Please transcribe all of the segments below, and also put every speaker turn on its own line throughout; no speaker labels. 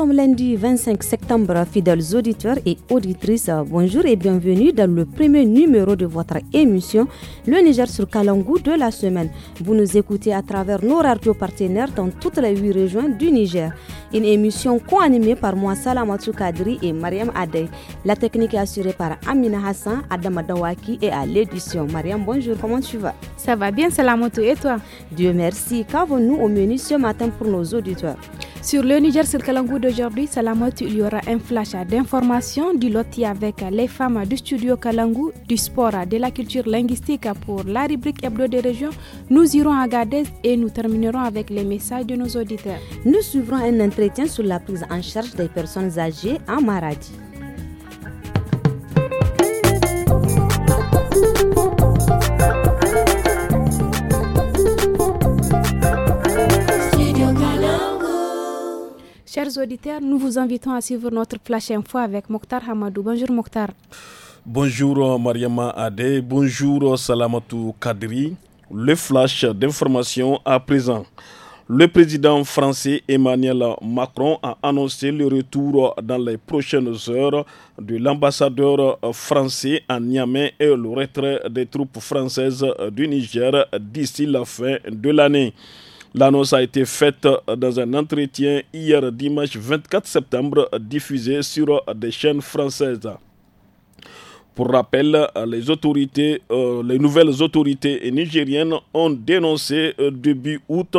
sommes lundi 25 septembre, fidèles auditeurs et auditrices. Euh, bonjour et bienvenue dans le premier numéro de votre émission Le Niger sur Kalangou de la semaine. Vous nous écoutez à travers nos radio partenaires dans toutes les huit régions du Niger une émission co-animée par moi Salamatou Kadri et Mariam Adey. La technique est assurée par Amina Hassan, Adama Dawaki et à l'édition. Mariam, bonjour, comment tu vas Ça va bien Salamatou et toi Dieu
merci. Qu'avons-nous au menu ce matin pour nos auditeurs sur le Niger Circalangou d'aujourd'hui, Salamotu, il y aura un flash d'informations du loti avec les femmes du studio Kalangou, du sport, de la culture linguistique pour la rubrique Hebdo des régions. Nous irons à Gadez et nous terminerons avec les messages de nos auditeurs.
Nous suivrons un retient sur la prise en charge des personnes âgées en maladie.
Chers auditeurs, nous vous invitons à suivre notre flash info avec Mokhtar Hamadou. Bonjour Mokhtar.
Bonjour euh, Mariama Ade. bonjour euh, Salamatou Kadri. Le flash d'information à présent. Le président français Emmanuel Macron a annoncé le retour dans les prochaines heures de l'ambassadeur français à Niamey et le retrait des troupes françaises du Niger d'ici la fin de l'année. L'annonce a été faite dans un entretien hier dimanche 24 septembre diffusé sur des chaînes françaises. Pour rappel, euh, les autorités, euh, les nouvelles autorités nigériennes ont dénoncé euh, début août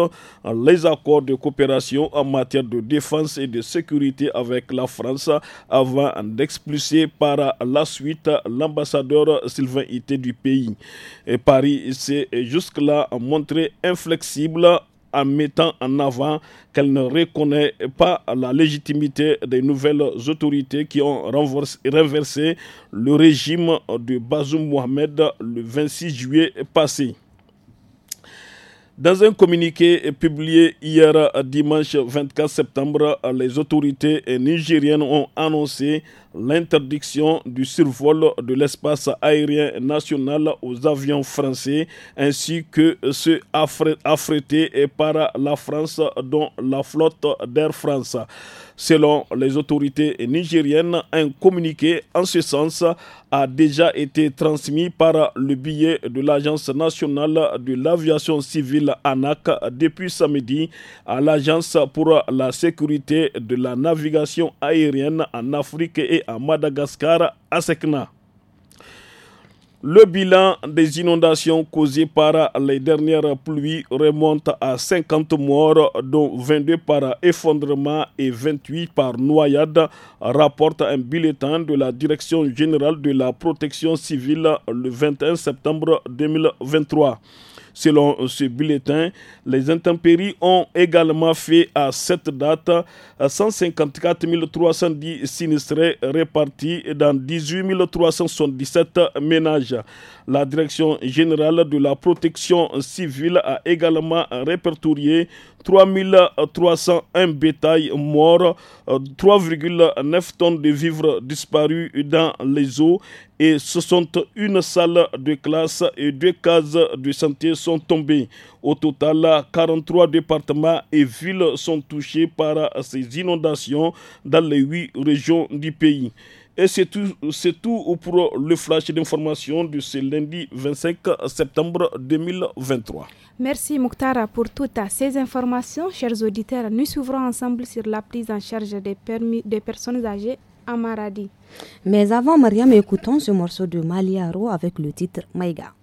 les accords de coopération en matière de défense et de sécurité avec la France avant d'expulser par la suite l'ambassadeur Sylvain Ité du pays. Paris s'est jusque-là montré inflexible en mettant en avant qu'elle ne reconnaît pas la légitimité des nouvelles autorités qui ont renversé le régime de Bazoum Mohamed le 26 juillet passé. Dans un communiqué publié hier dimanche 24 septembre, les autorités nigériennes ont annoncé l'interdiction du survol de l'espace aérien national aux avions français ainsi que ceux affrétés par la France dont la flotte d'Air France. Selon les autorités nigériennes, un communiqué en ce sens a déjà été transmis par le billet de l'Agence nationale de l'aviation civile ANAC depuis samedi à l'Agence pour la sécurité de la navigation aérienne en Afrique et à Madagascar à Sekna. Le bilan des inondations causées par les dernières pluies remonte à 50 morts, dont 22 par effondrement et 28 par noyade, rapporte un bulletin de la Direction générale de la protection civile le 21 septembre 2023. Selon euh, ce bulletin, les intempéries ont également fait à cette date 154 euh, 310 sinistrés répartis dans 18 377 ménages. La Direction générale de la protection civile a également répertorié 3 301 bétails morts, 3,9 tonnes de vivres disparus dans les eaux et 61 salles de classe et deux cases de santé sont tombées. Au total, 43 départements et villes sont touchés par ces inondations dans les huit régions du pays. Et c'est tout, pour le flash d'information de ce lundi 25 septembre 2023.
Merci Mouktara pour toutes ces informations. Chers auditeurs, nous s'ouvrons ensemble sur la prise en charge des, permis, des personnes âgées Amaradi.
Mais avant, Mariam, écoutons ce morceau de Maliaro avec le titre Maïga.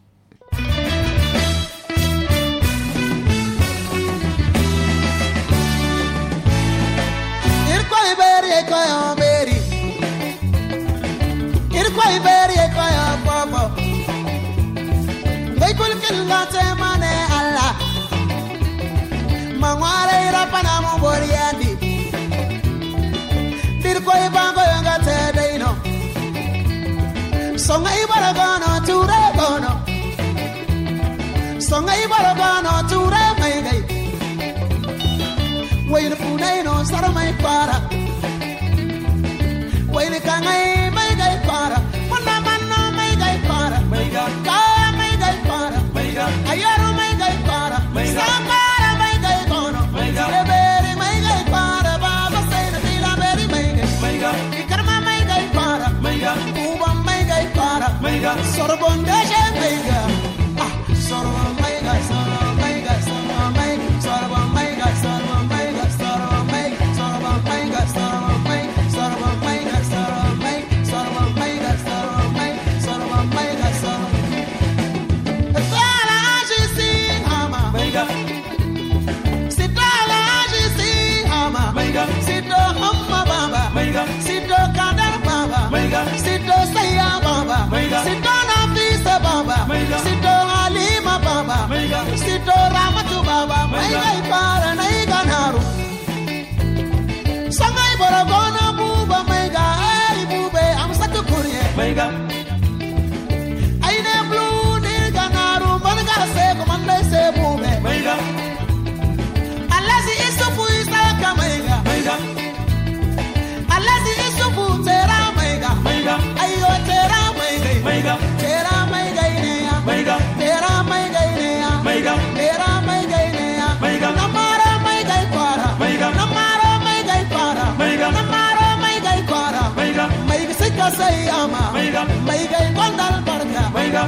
que se llama Maiga y Gondal Barca. Maiga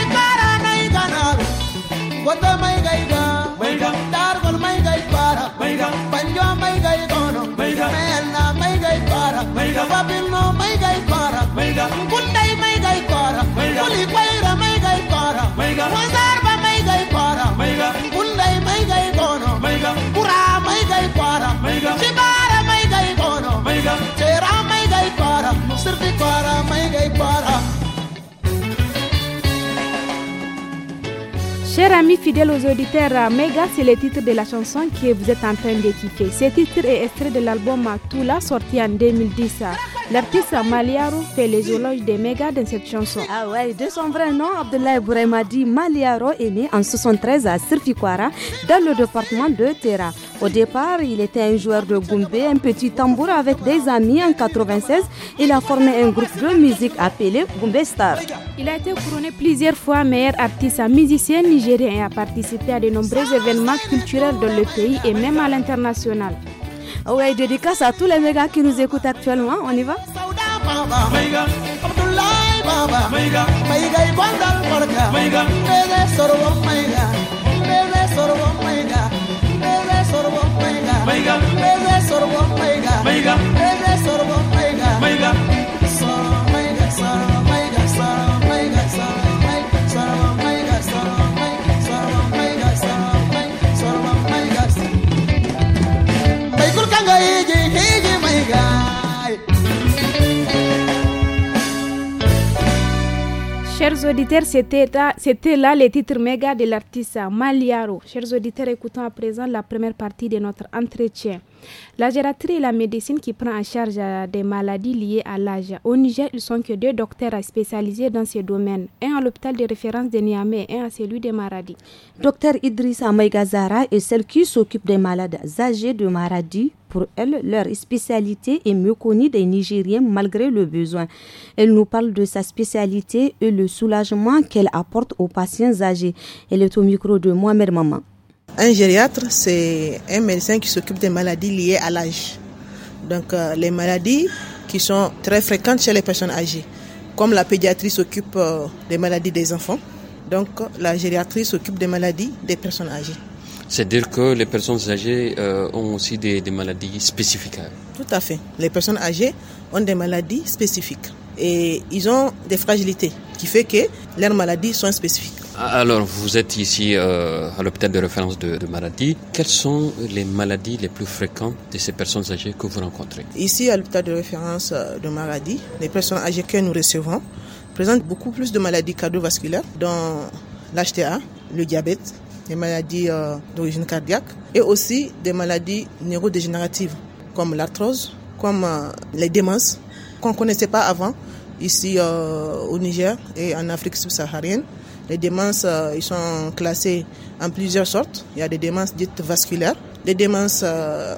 y para Maiga Nar. Cuando Maiga y Ga. Maiga. Dar con Maiga y para. Maiga. panyo Maiga y Gono. Maiga. Mena Maiga y para. Maiga. Babino Maiga y para. Maiga. Kundai Maiga y para. Maiga. Kuli Kwaira Maiga y para. Maiga. Wazarba Maiga y para. Maiga. Kundai Maiga y Gono. Maiga. Kura Maiga y para. Maiga. Shibara Maiga y Gono. Maiga.
Cher ami fidèle aux auditeurs, Mega, c'est le titre de la chanson que vous êtes en train de kiffer. Ce titre est extrait de l'album Tula, sorti en 2010. L'artiste Maliaro fait les horloges des méga dans cette chanson. Ah ouais, de son vrai nom, Abdoulaye Bouremadi Maliaro est né en 73
à Sirfikwara, dans le département de Terra. Au départ, il était un joueur de gumbé, un petit tambour avec des amis. En 1996, il a formé un groupe de musique appelé
Gumbé Star. Il a été couronné plusieurs fois meilleur artiste musicien nigérien et a participé à de nombreux événements culturels dans le pays et même à l'international. Ouais, dédicace à tous les mégas qui nous écoutent actuellement. On y va Chers auditeurs, c'était là, le titre titres méga de l'artiste Maliaro. Chers auditeurs, écoutons à présent la première partie de notre entretien. La gératrie est la médecine qui prend en charge euh, des maladies liées à l'âge. Au Niger, ils sont que deux docteurs spécialisés dans ce domaine, un à l'hôpital de référence de Niamey et un à celui de Maradi.
Docteur Idrissa Maïgazara est celle qui s'occupe des malades âgés de Maradi pour elle, leur spécialité est mieux connue des Nigériens malgré le besoin. Elle nous parle de sa spécialité et le soulagement qu'elle apporte aux patients âgés. Elle est au micro de
mère, Maman. Un gériatre, c'est un médecin qui s'occupe des maladies liées à l'âge. Donc euh, les maladies qui sont très fréquentes chez les personnes âgées, comme la pédiatrie s'occupe euh, des maladies des enfants, donc la gériatrie s'occupe des maladies des personnes âgées.
C'est-à-dire que les personnes âgées euh, ont aussi des, des maladies spécifiques.
Tout à fait. Les personnes âgées ont des maladies spécifiques et ils ont des fragilités qui fait que leurs maladies sont spécifiques.
Ah, alors, vous êtes ici euh, à l'hôpital de référence de, maladies. Quelles sont les maladies les plus fréquentes de ces personnes âgées que vous rencontrez
Ici, à l'hôpital de référence euh, de maladies, les personnes âgées que nous recevons présentent beaucoup plus de maladies cardiovasculaires, dont l'HTA, le diabète, les maladies euh, d'origine cardiaque et aussi des maladies neurodégénératives comme l'arthrose, comme les démences qu'on ne connaissait pas avant ici au Niger et en Afrique subsaharienne. Les démences, euh, ils sont classés en plusieurs sortes. Il y a des démences dites vasculaires, des démences euh,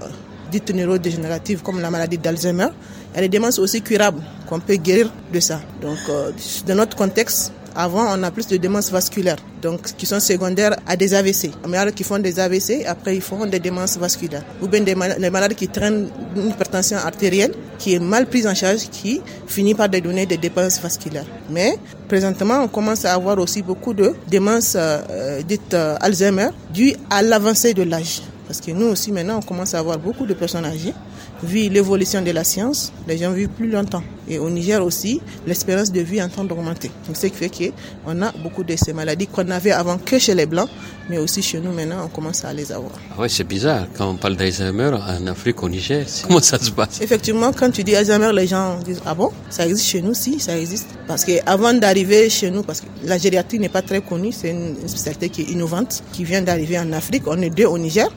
dites neurodégénératives comme la maladie d'Alzheimer. Il y a des démences aussi curables qu'on peut guérir de ça. Donc, euh, dans notre contexte, avant, on a plus de démences vasculaires, donc qui sont secondaires à des AVC. Les malades qui font des AVC, après ils font des démences vasculaires. Ou bien des malades, les malades qui traînent une hypertension artérielle qui est mal prise en charge, qui finit par donner des dépenses vasculaires. Mais présentement, on commence à avoir aussi beaucoup de démences euh, euh, dites euh, Alzheimer dues à l'avancée de l'âge. Parce que nous aussi, maintenant, on commence à avoir beaucoup de personnes âgées vu l'évolution de la science, les gens vivent plus longtemps. Et au Niger aussi, l'espérance de vie est en train d'augmenter. Ce qui fait qu'on a beaucoup de ces maladies qu'on avait avant que chez les Blancs, mais aussi chez nous maintenant, on commence à les avoir.
Ah oui, c'est bizarre. Quand on parle d'Alzheimer en Afrique, au Niger, comment ça se passe
Effectivement, quand tu dis Alzheimer, les gens disent Ah bon, ça existe chez nous Si, ça existe. Parce qu'avant d'arriver chez nous, parce que la gériatrie n'est pas très connue, c'est une spécialité qui est innovante, qui vient d'arriver en Afrique. On est deux au Niger.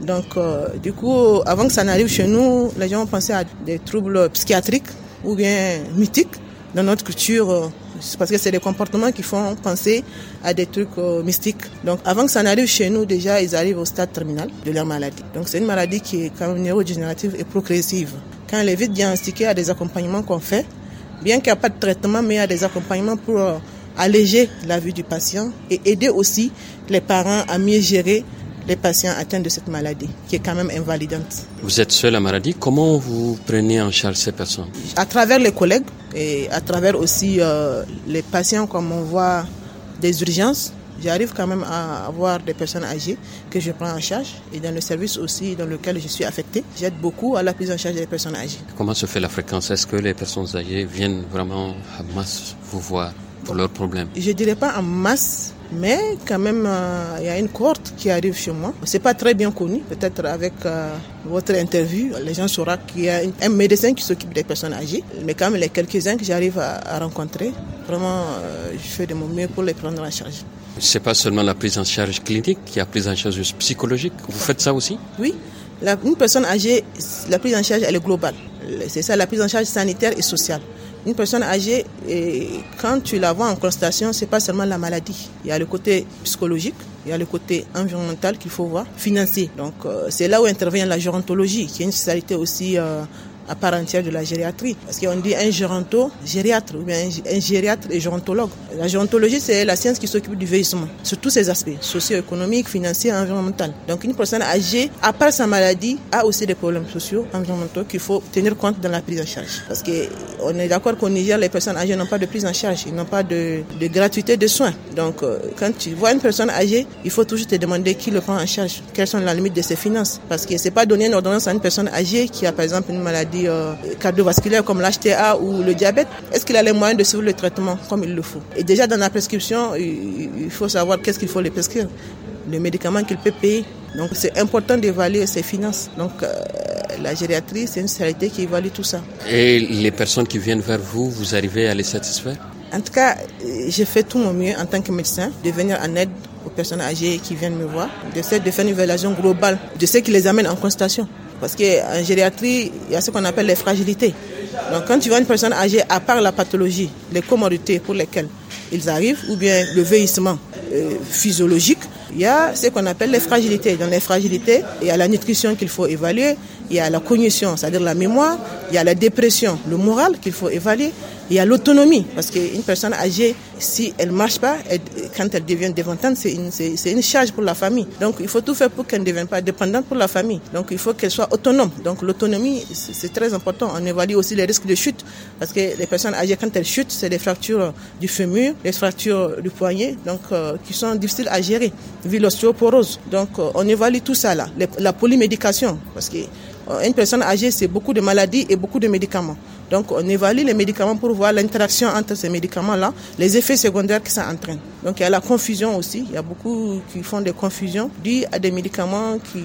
Donc, euh, du coup, avant que ça n'arrive chez nous, les gens pensaient à des troubles psychiatriques ou bien mythiques dans notre culture, euh, parce que c'est des comportements qui font penser à des trucs euh, mystiques. Donc, avant que ça n'arrive chez nous, déjà, ils arrivent au stade terminal de leur maladie. Donc, c'est une maladie qui est quand même neurodégénérative et progressive. Quand elle est vite diagnostiquée, à des accompagnements qu'on fait, bien qu'il n'y a pas de traitement, mais il y a des accompagnements pour alléger la vie du patient et aider aussi les parents à mieux gérer les patients atteints de cette maladie, qui est quand même invalidante.
Vous êtes seul à maladie, comment vous prenez en charge ces personnes
À travers les collègues et à travers aussi euh, les patients, comme on voit des urgences, j'arrive quand même à avoir des personnes âgées que je prends en charge et dans le service aussi dans lequel je suis affectée, j'aide beaucoup à la prise en charge des personnes âgées.
Comment se fait la fréquence Est-ce que les personnes âgées viennent vraiment en masse vous voir pour leurs problèmes
Je dirais pas en masse, mais quand même, euh, il y a une cohorte qui arrive chez moi. n'est pas très bien connu. Peut-être avec euh, votre interview, les gens sauront qu'il y a un médecin qui s'occupe des personnes âgées. Mais quand même, les quelques-uns que j'arrive à, rencontrer, vraiment, euh, je fais de mon mieux pour les prendre en charge.
Ce n'est pas seulement la prise en charge clinique, il y a prise en charge psychologique. Vous faites ça aussi
Oui. une personne âgée, la prise en charge, elle est globale. C'est ça, la prise en charge sanitaire et sociale. Une personne âgée, quand tu la vois en constatation, n'est pas seulement la maladie. Il y a le côté psychologique, il y a le côté environnemental qu'il faut voir, financier. Donc euh, c'est là où intervient la gérontologie, qui est une spécialité aussi euh, à part entière de la gériatrie. Parce qu'on dit un géranto, gériatre, ou bien un gériatre et gérontologue. La gérontologie, c'est la science qui s'occupe du vieillissement, sur tous ses aspects, socio-économiques, financiers, environnementaux. Donc une personne âgée, à part sa maladie, a aussi des problèmes sociaux, environnementaux qu'il faut tenir compte dans la prise en charge. Parce qu'on est d'accord qu'au Niger, les personnes âgées n'ont pas de prise en charge, ils n'ont pas de, de gratuité de soins. Donc euh, quand tu vois une personne âgée, il faut toujours te demander qui le prend en charge, quelles sont les limites de ses finances. Parce que c'est pas donner une ordonnance à une personne âgée qui a par exemple une maladie euh, cardiovasculaires comme l'HTA ou le diabète, est-ce qu'il a les moyens de suivre le traitement comme il le faut Et déjà dans la prescription, il faut savoir qu'est-ce qu'il faut les prescrire, le médicament qu'il peut payer. Donc c'est important d'évaluer ses finances. Donc euh, la gériatrie, c'est une société qui évalue tout ça.
Et les personnes qui viennent vers vous, vous arrivez à les satisfaire
En tout cas, j'ai fait tout mon mieux en tant que médecin de venir en aide aux personnes âgées qui viennent me voir, de faire de faire une évaluation globale de ce qui les amène en constatation. Parce qu'en gériatrie, il y a ce qu'on appelle les fragilités. Donc quand tu vois une personne âgée, à part la pathologie, les commodités pour lesquelles ils arrivent, ou bien le vieillissement euh, physiologique, il y a ce qu'on appelle les fragilités. Dans les fragilités, il y a la nutrition qu'il faut évaluer, il y a la cognition, c'est-à-dire la mémoire, il y a la dépression, le moral qu'il faut évaluer. Il y a l'autonomie, parce qu'une personne âgée, si elle ne marche pas, quand elle devient dépendante, c'est une, charge pour la famille. Donc il faut tout faire pour qu'elle ne devienne pas dépendante pour la famille. Donc il faut qu'elle soit autonome. Donc l'autonomie, c'est très important. On évalue aussi les risques de chute, parce que les personnes âgées, quand elles chutent, c'est des fractures du fémur, des fractures du poignet, donc euh, qui sont difficiles à gérer, vu l'ostéoporose. Donc euh, on évalue tout ça là. la polymédication, parce que euh, une personne âgée, c'est beaucoup de maladies et beaucoup de médicaments. Donc on évalue les médicaments pour voir l'interaction entre ces médicaments-là, les effets secondaires que ça entraîne. Donc il y a la confusion aussi, il y a beaucoup qui font des confusions dues à des médicaments qui,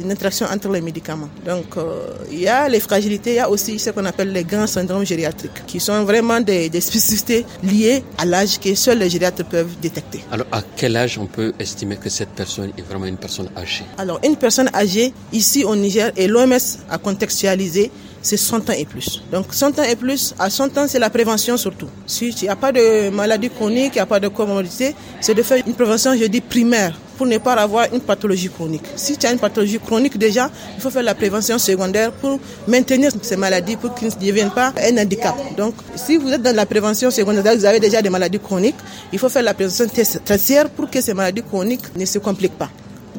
une interaction entre les médicaments. Donc euh, il y a les fragilités, il y a aussi ce qu'on appelle les grands syndromes gériatriques, qui sont vraiment des, des spécificités liées à l'âge que seuls les gériatres peuvent détecter.
Alors à quel âge on peut estimer que cette personne est vraiment une personne âgée
Alors une personne âgée ici au Niger et l'OMS a contextualisé c'est 100 ans et plus. Donc 100 ans et plus, à 100 ans, c'est la prévention surtout. S'il n'y a pas de maladie chronique, il n'y a pas de comorbidité, c'est de faire une prévention, je dis primaire, pour ne pas avoir une pathologie chronique. Si tu as une pathologie chronique déjà, il faut faire la prévention secondaire pour maintenir ces maladies, pour qu'ils ne deviennent pas un handicap. Donc, si vous êtes dans la prévention secondaire, vous avez déjà des maladies chroniques, il faut faire la prévention tertiaire pour que ces maladies chroniques ne se compliquent pas.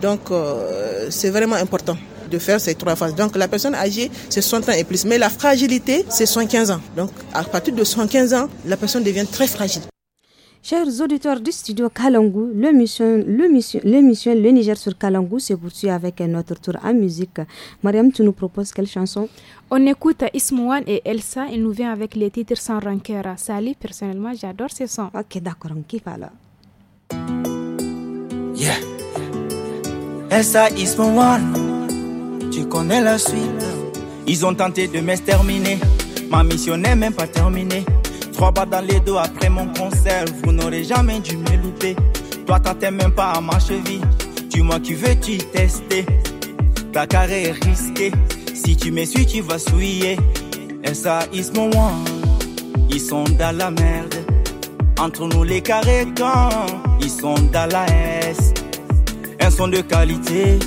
Donc, euh, c'est vraiment important faire ces trois phases. Donc la personne âgée, c'est 60 ans et plus. Mais la fragilité, c'est 115 ans. Donc à partir de 115 ans, la personne devient très fragile.
Chers auditeurs du studio Kalangu, l'émission le, mission, le, le Niger sur Kalangu se poursuit avec un autre tour en musique. Mariam, tu nous proposes quelle chanson
On écoute Ismoan et Elsa, Il nous vient avec les titres sans rancœur. Sali, personnellement, j'adore ces sons. Ok, d'accord, on kiffe alors.
Yeah. Elsa Ismoan tu connais la suite. Ils ont tenté de m'exterminer, ma mission n'est même pas terminée. Trois bas dans les dos après mon concert, vous n'aurez jamais dû me louper. Toi t'attends même pas à ma cheville, tu moi qui veux-tu tester. Ta carrière est risquée, si tu me suis tu vas souiller. Et ça, ils sont ils sont dans la merde. Entre nous les carrés quand ils sont dans la S. Un son de qualité,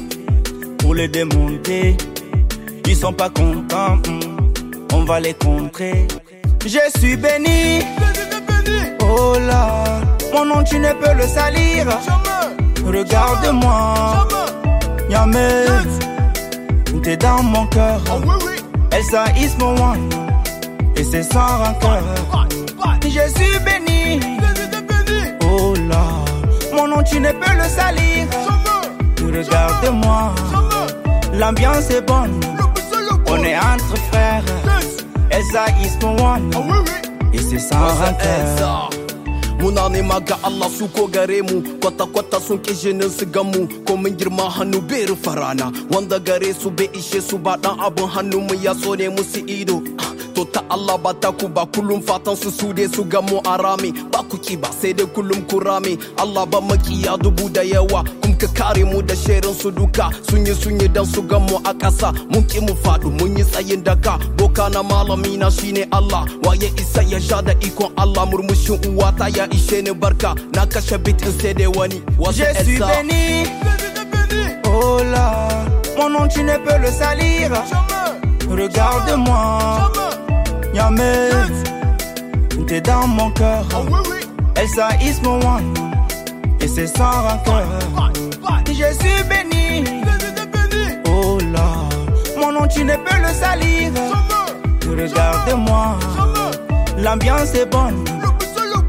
pour les démonter. Ils sont pas contents, hmm. on va les contrer. Je suis béni. Oh là, mon nom tu ne peux le salir. Regarde-moi, Yamé, t'es dans mon cœur. Elle saïs mon one, et c'est sans rancœur. Je suis béni. Oh là, mon nom tu ne peux le salir. Regarde-moi. L'ambiance est bonne. On est entre frères. Eza is mon ah one. Et c'est ah, ça, rancœur. Munani maga ga Allah suko ko mu kwata-kwata sun ki gamu ko girma hannu wanda gare su be ishe su ba dan abun hannu mu ya so ne musu ido ah, to ta Allah ba ta fatan su su su gamu kuki ba kulum kurami kullum Allah ba makiya dubu da yawa kum ka kare mu da shirin su duka sun yi sun yi dan su gan mu a ƙasa mun ki mu faɗu mun yi tsayin daka boka na malami na shine Allah waye isa ya sha da ikon Allah murmushin uwata ya ishe ni barka na kashe bitin sai dai wani wata Oh la mon nom tu ne peux le salir. Regarde-moi, Yamé, t'es dans mon cœur. Oh oui, oui. Elsa is mon one, et c'est sans rancœur. Je suis béni. Oh là, mon nom tu ne peux le salir. Regarde-moi, l'ambiance est bonne.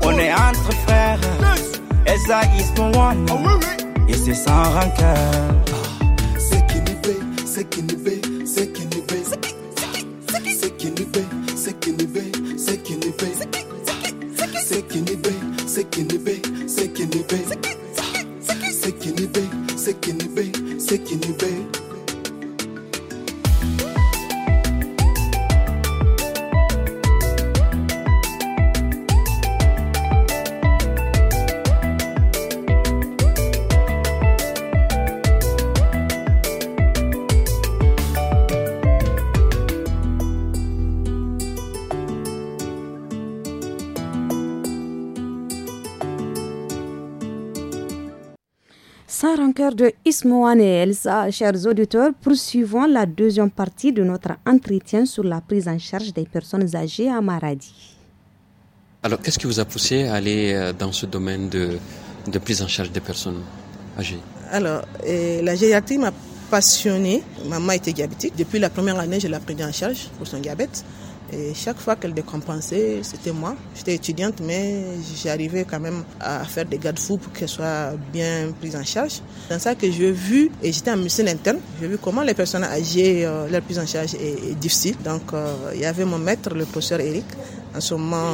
On est entre
frères. Elsa is mon one, et c'est sans rancœur.
Sekinibe, Sekinibe, Sekinibe, Sekinibe, Sekinibe.
Sans rancœur de Ismoane et Elsa, chers auditeurs, poursuivons la deuxième partie de notre entretien sur la prise en charge des personnes âgées à Maradi.
Alors, qu'est-ce qui vous a poussé à aller euh, dans ce domaine de, prise en charge des personnes âgées
Alors, la gériatrie m'a passionnée. Maman était diabétique. Depuis la première année, je l'ai prise en charge pour son diabète. Et chaque fois qu'elle décompensait, c'était moi. J'étais étudiante, mais j'arrivais quand même à faire des garde-fous pour qu'elle soit bien prise en charge. Dans ça que j'ai vu, et j'étais en médecine interne, j'ai vu comment les personnes âgées, euh, leur prise en charge est, difficile. Donc, euh, il y avait mon maître, le professeur Eric. En ce moment,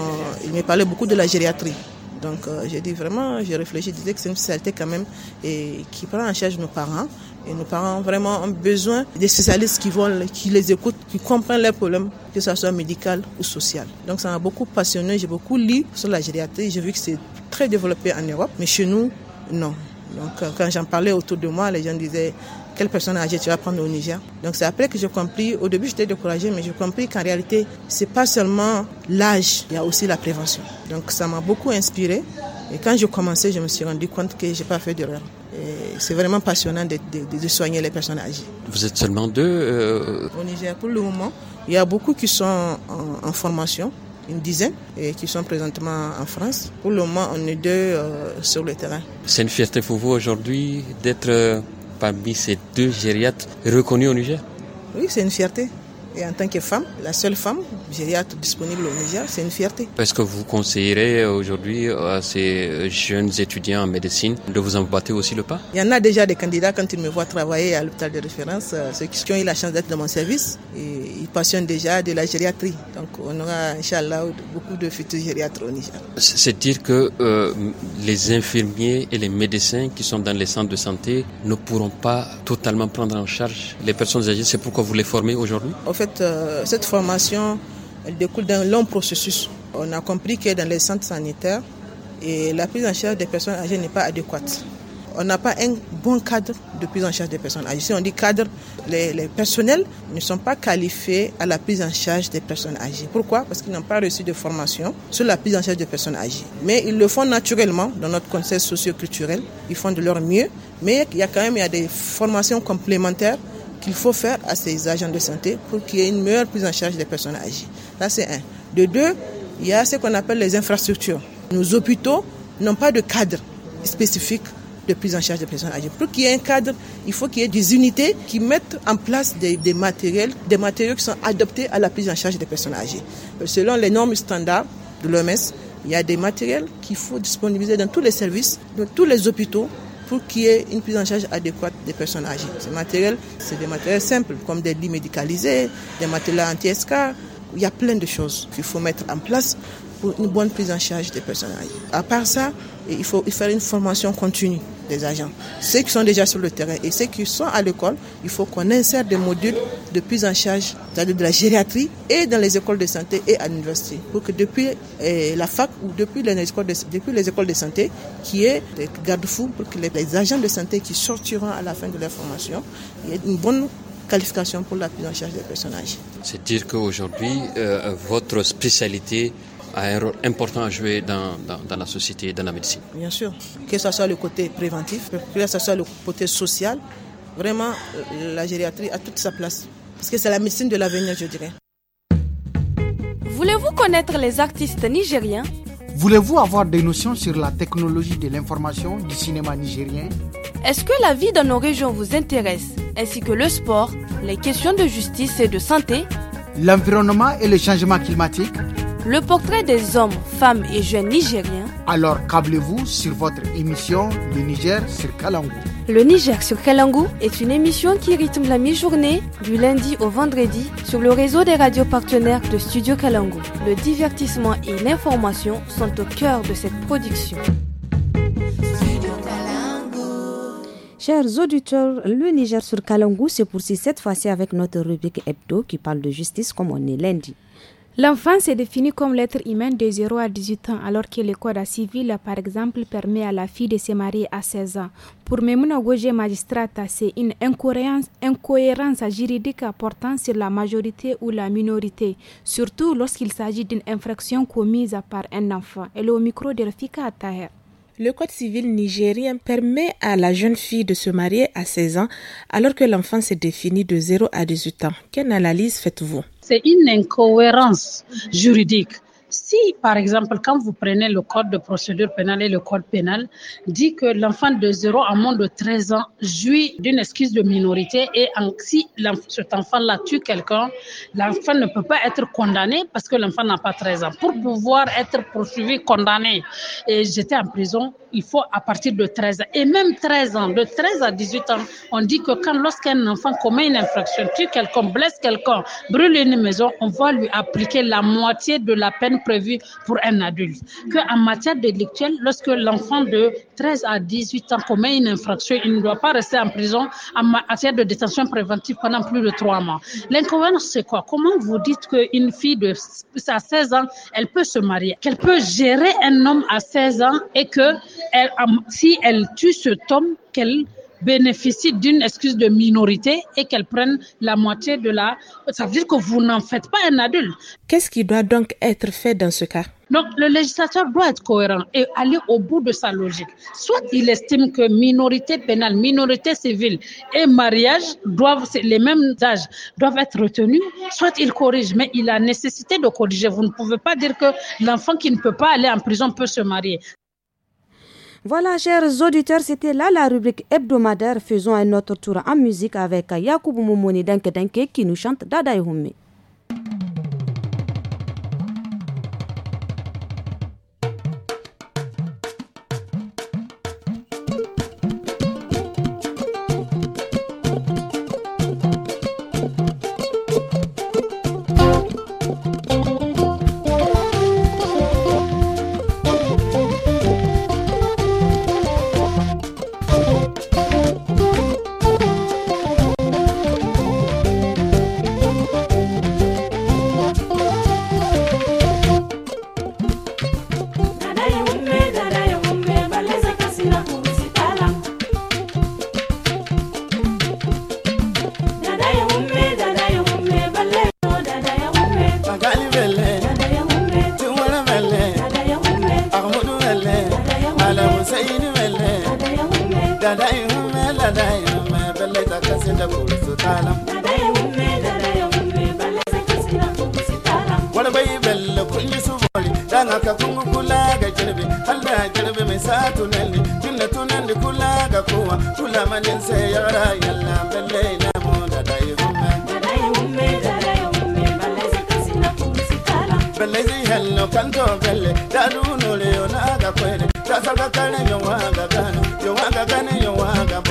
il me parlait beaucoup de la gériatrie. Donc euh, j'ai dit vraiment, j'ai réfléchi, je disais que c'est une société quand même et qui prend en charge nos parents, et nos parents vraiment ont besoin des spécialistes qui vont, qui les écoutent, qui comprennent leurs problèmes, que ce soit médical ou social. Donc ça m'a beaucoup passionné, j'ai beaucoup lu sur la gériatrie, j'ai vu que c'est très développé en Europe, mais chez nous, non. Donc euh, quand j'en parlais autour de moi, les gens disaient quelle personne âgée tu vas prendre au Niger. Donc c'est après que j'ai compris, au début j'étais découragée, mais j'ai compris qu'en réalité, c'est pas seulement l'âge, il y a aussi la prévention. Donc ça m'a beaucoup inspirée. Et quand je commençais, je me suis rendu compte que j'ai pas fait d'erreur. C'est vraiment passionnant de, soigner les personnes âgées.
Vous êtes seulement deux euh,
Au Niger, pour le moment, il y a beaucoup qui sont en, formation, une dizaine, et qui sont présentement en France. Pour le moment, on est deux euh, sur le terrain.
C'est une fierté pour vous aujourd'hui d'être euh, parmi ces deux gériates reconnus au Niger
Oui, c'est une fierté. Et en tant que femme, la seule femme gériatre disponible au Niger, c'est une fierté.
Est-ce que vous conseillerez aujourd'hui à ces jeunes étudiants en médecine de vous emboîter aussi le pas
Il y en a déjà des candidats quand ils me voient travailler à l'hôpital de référence, euh, ceux qui ont eu la chance d'être dans mon service, ils passionnent déjà de la gériatrie. Donc on aura, Inch'Allah, beaucoup de futurs gériatres au Niger.
C'est dire que euh, les infirmiers et les médecins qui sont dans les centres de santé ne pourront pas totalement prendre en charge les personnes âgées. C'est pourquoi vous les formez aujourd'hui
euh, cette, formation elle découle d'un long processus. On a compris que dans les centres sanitaires, et la prise en charge des personnes âgées n'est pas adéquate. On n'a pas un bon cadre de prise en charge des personnes âgées. Si on dit cadre, les, personnels ne sont pas qualifiés à la prise en charge des personnes âgées. Pourquoi Parce qu'ils n'ont pas reçu de formation sur la prise en charge des personnes âgées. Mais ils le font naturellement dans notre conseil socio-culturel. Ils font de leur mieux. Mais il y a quand même il des formations complémentaires qu'il faut faire à ces agents de santé pour qu'il y ait une meilleure prise en charge des personnes âgées. Ça, c'est un. De deux, il y a ce qu'on appelle les infrastructures. Nos hôpitaux n'ont pas de cadre spécifique de prise en charge des personnes âgées. Pour qu'il y ait un cadre, il faut qu'il y ait des unités qui mettent en place des, matériels, des matériaux qui sont adaptés à la prise en charge des personnes âgées. Selon les normes standards de l'OMS, il y a des matériels qu'il faut disponibiliser dans tous les services, dans tous les hôpitaux, pour qu'il y ait une prise en charge adéquate des personnes âgées. Ces matériel, c'est des matériels simples, comme des lits médicalisés, des matelas anti-escar. Il y a plein de choses qu'il faut mettre en place pour une bonne prise en charge des personnes âgées. À part ça, il faut faire une formation continue des agents. Ceux qui sont déjà sur le terrain et ceux qui sont à l'école, il faut qu'on insère des modules de prise en charge, de la gériatrie, et dans les écoles de santé et à l'université, pour que depuis eh, la fac ou depuis les écoles de, depuis les écoles de santé, qui y ait des garde-fous pour que les, agents de santé qui sortiront à la fin de leur formation, il ait une bonne qualification pour la prise en charge des personnages.
C'est-à-dire qu'aujourd'hui, euh, votre spécialité a un rôle important à jouer dans, la société et dans la médecine.
Bien sûr, que ce soit le côté préventif, que ce soit le côté social, vraiment, euh, la gériatrie a toute sa place. Parce que c'est la médecine de l'avenir, je dirais.
Voulez-vous connaître les artistes nigériens
Voulez-vous
avoir des notions sur la technologie de l'information du cinéma nigérien
Est-ce que la vie dans nos régions vous intéresse, ainsi que le sport, les questions de justice et de santé
L'environnement et le changement climatique
le portrait des hommes, femmes et jeunes nigériens.
Alors câblez-vous sur votre émission Le Niger sur Kalangou. Le Niger sur
Kalangou est une émission qui rythme la mi-journée du lundi au vendredi sur le réseau des radios partenaires de Studio Kalangou. Le divertissement et l'information sont au cœur de
cette production. Chers auditeurs, le Niger sur Kalangou se poursuit cette fois-ci avec notre rubrique hebdo qui parle de justice comme on est lundi.
L'enfant est définie comme l'être humain de 0 à 18 ans, alors que le Code civil, par exemple, permet à la fille de se marier à 16 ans. Pour Memuna Goje Magistrata, c'est une incohérence, juridique portant sur la majorité ou la minorité, surtout lorsqu'il s'agit d'une infraction commise par un enfant. Elle est micro de Rafika
Le Code civil nigérien permet à la jeune fille de se marier à 16 ans, alors que l'enfant s'est définie de 0 à 18 ans. Quelle analyse faites-vous c'est une incohérence juridique si, par exemple, quand vous prenez le code de procédure pénale et le code pénal, dit que l'enfant de 0 à moins de 13 ans jouit d'une excuse de minorité et si cet enfant-là tue quelqu'un, l'enfant ne peut pas être condamné parce que l'enfant n'a pas 13 ans. Pour pouvoir être poursuivi, condamné et j'étais en prison, il faut à partir de 13 ans. Et même 13 ans, de 13 à 18 ans, on dit que quand lorsqu'un enfant commet une infraction, tue quelqu'un, blesse quelqu'un, brûle une maison, on va lui appliquer la moitié de la peine prévu pour un adulte. Qu'en matière délictuelle, lorsque l'enfant de 13 à 18 ans commet une infraction, il ne doit pas rester en prison en matière de détention préventive pendant plus de trois mois. L'inconvénient, c'est quoi Comment vous dites qu'une fille de à 16 ans, elle peut se marier, qu'elle peut gérer un homme à 16 ans et que elle, si elle tue cet homme, qu'elle bénéficient d'une excuse de minorité et qu'elle prennent la moitié de la... Ça veut dire que vous n'en faites pas un adulte. Qu'est-ce qui doit donc être fait dans ce cas donc, le législateur doit être cohérent et aller au bout de sa logique. Soit il estime que minorité pénale, minorité civile et mariage doivent, les mêmes âges doivent être retenus, soit il corrige, mais il a nécessité de corriger. Vous ne pouvez pas dire que l'enfant qui ne peut pas aller en prison peut se marier.
Voilà, chers auditeurs, c'était là la rubrique hebdomadaire. Faisons un autre tour en musique avec Yacoub Moumouni Denke Denke qui nous chante Dada
دلايهم دلايهم بلي تكسي دبول ستالم دلايهم دلايهم بلي تكسي دبول ستالم ولا بي بل كل سوالي دانا كفنغ كلا جربي هلا جربي مساتو نلي جنة نلي كلا كفوا كلا ما ننسى يا راي يلا بلي نمو دلايهم دلايهم دلايهم بلي تكسي دبول ستالم بلي زي هلو كنتو بلي دارو نولي وناغا كويري تاسا كالي يوم واغا كانو Yo haga you want haga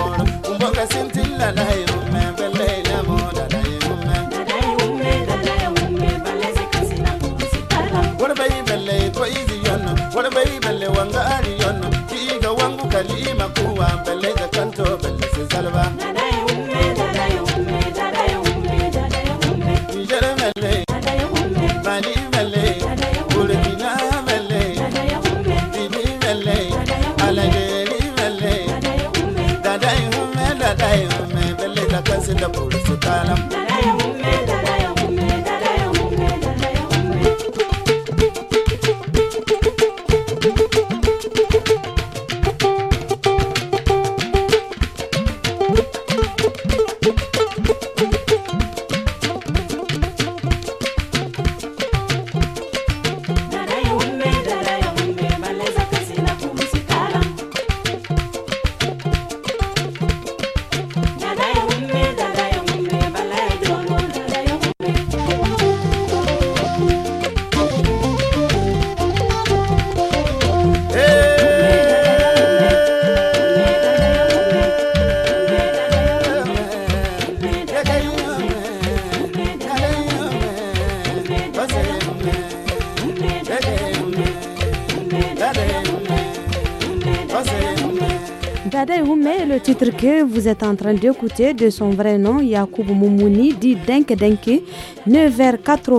le titre que vous êtes en train d'écouter de son vrai nom, Yacoub Moumouni, dit Denke Denke, 9h4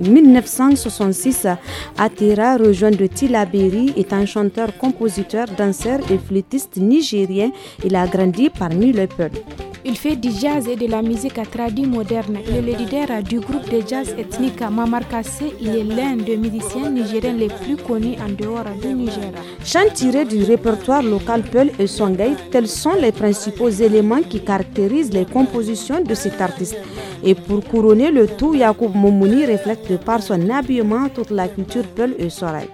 1966, Atira rejoint de Tilaberi, est un chanteur, compositeur, danseur et flûtiste nigérien. Il a grandi parmi le peuple.
Il fait du jazz et de la musique à traduit moderne. Le leader du groupe de jazz ethnique Mamar il est l'un des musiciens nigériens les plus connus en dehors du Niger.
Chant tiré du répertoire local Peul et Songhai, tels sont les principaux éléments qui caractérisent les compositions de cet artiste. Et pour couronner le tout, Yacoub Momouni reflète de par son habillement toute la culture Peul et Soraï.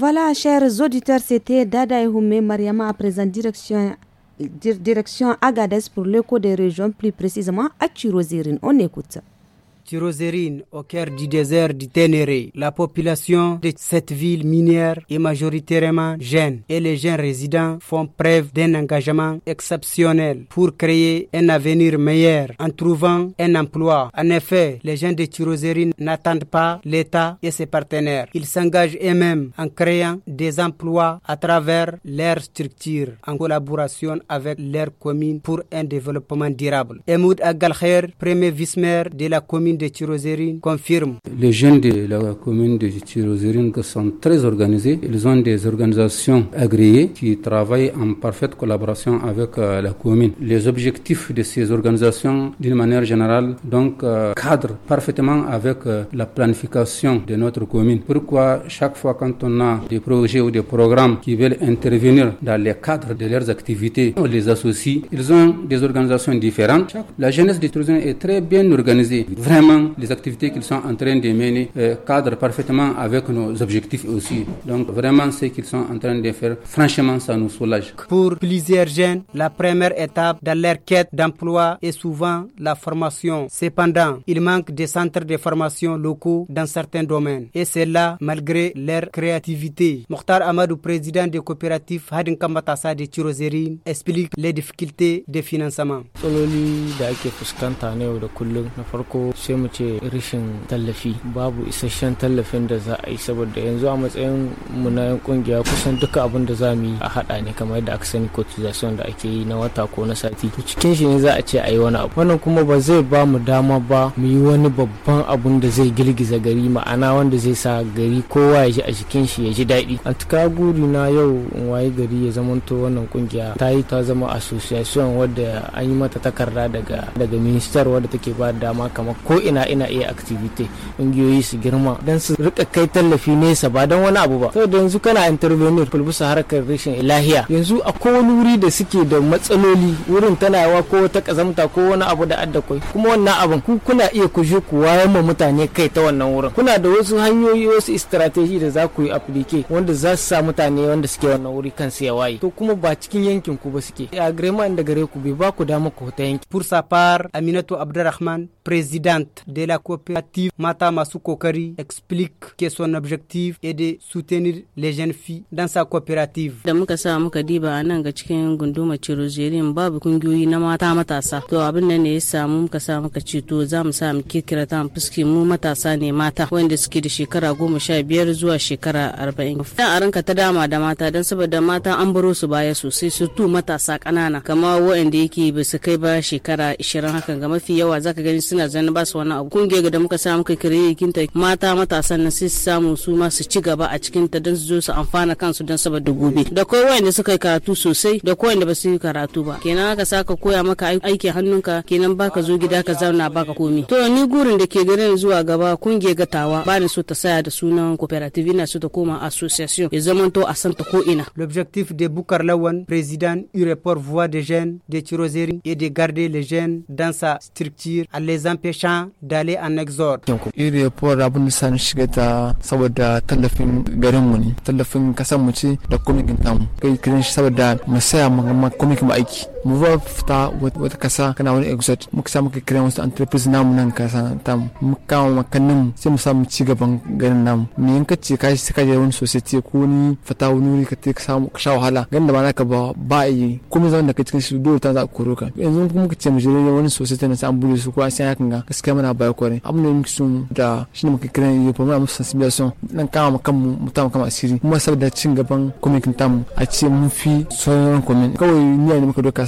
Voilà, chers auditeurs, c'était Dada et Houmé Mariama à présent direction, direction Agadez pour l'écho des régions, plus précisément à Chirozérine. On écoute.
Tyrosérine au cœur du désert du Ténéré. La population de cette ville minière est majoritairement jeune et les jeunes résidents font preuve d'un engagement exceptionnel pour créer un avenir meilleur en trouvant un emploi. En effet, les jeunes de Tirozérine n'attendent pas l'État et ses partenaires. Ils s'engagent eux-mêmes en créant des emplois à travers leurs structures en collaboration avec leurs communes pour un développement durable. Emoud Agalher, premier vice-maire de la commune de Tirozérine confirme. Les jeunes de la commune de Tirozérine sont très organisés. Ils ont des organisations agréées qui travaillent en parfaite collaboration avec euh, la commune. Les objectifs de ces organisations, d'une manière générale, donc euh, cadrent parfaitement avec euh, la planification de notre commune. Pourquoi chaque fois quand on a des projets ou des programmes qui veulent intervenir dans les cadres de leurs activités, on les associe. Ils ont des organisations différentes. La jeunesse de Tirozérine est très bien organisée. Vraiment les activités qu'ils sont en train de mener cadre euh, cadrent parfaitement avec nos objectifs aussi. Donc vraiment ce qu'ils sont en train de faire, franchement, ça nous soulage. Pour plusieurs jeunes, la première étape dans leur quête d'emploi est souvent la formation. Cependant, il manque des centres de formation locaux dans certains domaines. Et c'est là, malgré leur créativité. Mokhtar Amadou, président des coopératif Hadin Kambatassa de Tirozerine, explique les difficultés de financement. mu ce rashin tallafi babu isasshen tallafin
da za a yi saboda yanzu a matsayin mu na yan kungiya kusan duka abin da za mu yi a hada ne kamar yadda aka sani cotization da ake yi na wata ko na sati to cikin shi ne za a ce a yi wani abu wannan kuma ba zai ba mu dama ba mu yi wani babban abun da zai girgiza gari ma'ana wanda zai sa gari kowa ya ji a jikin shi ya ji daɗi a tuka guri na yau in waye gari ya zamanto wannan kungiya ta yi ta zama association wadda an yi mata takarda daga daga ministar wadda take ba dama kamar ko ina ina iya activity ƙungiyoyi su girma don su rika kai tallafi nesa ba don wani abu ba saboda yanzu kana intervenir kulbusa harkar rashin lahiya yanzu a wani wuri da suke da matsaloli wurin tana yawa ko wata kazamta ko wani abu da adda kai. kuma wannan abin ku kuna iya ku je ku wayar ma mutane kai ta wannan wurin kuna da wasu hanyoyi wasu strategy da za ku yi applique. wanda za su sa mutane wanda suke wannan wuri kan su ya waye to kuma
ba cikin yankin ku ba suke agreement da gare ku bai ba ku dama ku ta yanki pour sa part Aminatu Abdurrahman présidente de la coopérative Mata Masukokari explique que son objectif est de soutenir les jeunes filles dans sa coopérative. Da muka sa muka diba
a nan ga cikin gunduma in babu kungiyoyi na mata matasa. To abin nan ne ya samu muka sa muka ce to za mu sa mu kirkira ta fuski mu matasa ne mata wanda suke da shekara goma sha biyar zuwa shekara arba'in. Dan a ranka ta dama da mata don saboda mata an baro su baya sosai su tu matasa ƙanana kama waɗanda yake ba su kai ba shekara ishirin hakan ga mafi yawa zaka gani suna zan ba su wani abu kungiyar da muka samu kai kire yakinta mata matasan nan sai su samu su ma su ci gaba a cikin ta don su zo su amfana kansu don saboda gobe da kowai da suka yi karatu sosai da kai da ba su yi karatu ba kenan aka saka koya maka aikin hannunka kenan baka zo gida ka zauna baka komi to ni gurin da ke garin zuwa gaba kungiyar gatawa ba ni so ta saya da sunan
cooperative ina so ta koma association ya zama to a santa ko ina l'objectif de bukar Lawan président Ureport voix des jeunes de Tirozérine et de garder les jeunes dans sa structure en les empêchant dale a en exode.
Iri report abin da sani shiga ta saboda tallafin garin mu ne, tallafin mu ce da komikin tamu. Kai kiran shi saboda mu saya mu ga komikin aiki. mu ba fita wata kasa kana wani exot muka samu ka kira wasu entreprise namu nan kasa tamu muka kama makannin sai mu samu ci gaban ganin namu me yanka ce ka shi ka je wani society ko ni fita wani wuri ka te ka samu ka sha wahala ganin da ba ka ba ba yi ko komai zama da ka cikin shi dole ta za ka koro ka yanzu kuma muka ce mu je wani society na sai an bude su ko an sai hakan ga gaskiya muna baya kwarai abin da muke so da shi ne muka kira ne kuma mu sensibilisation nan kama makan mu mu ta makan asiri kuma saboda cin gaban komikin tamu a ce mun fi sauran komin kawai ni ne muka doka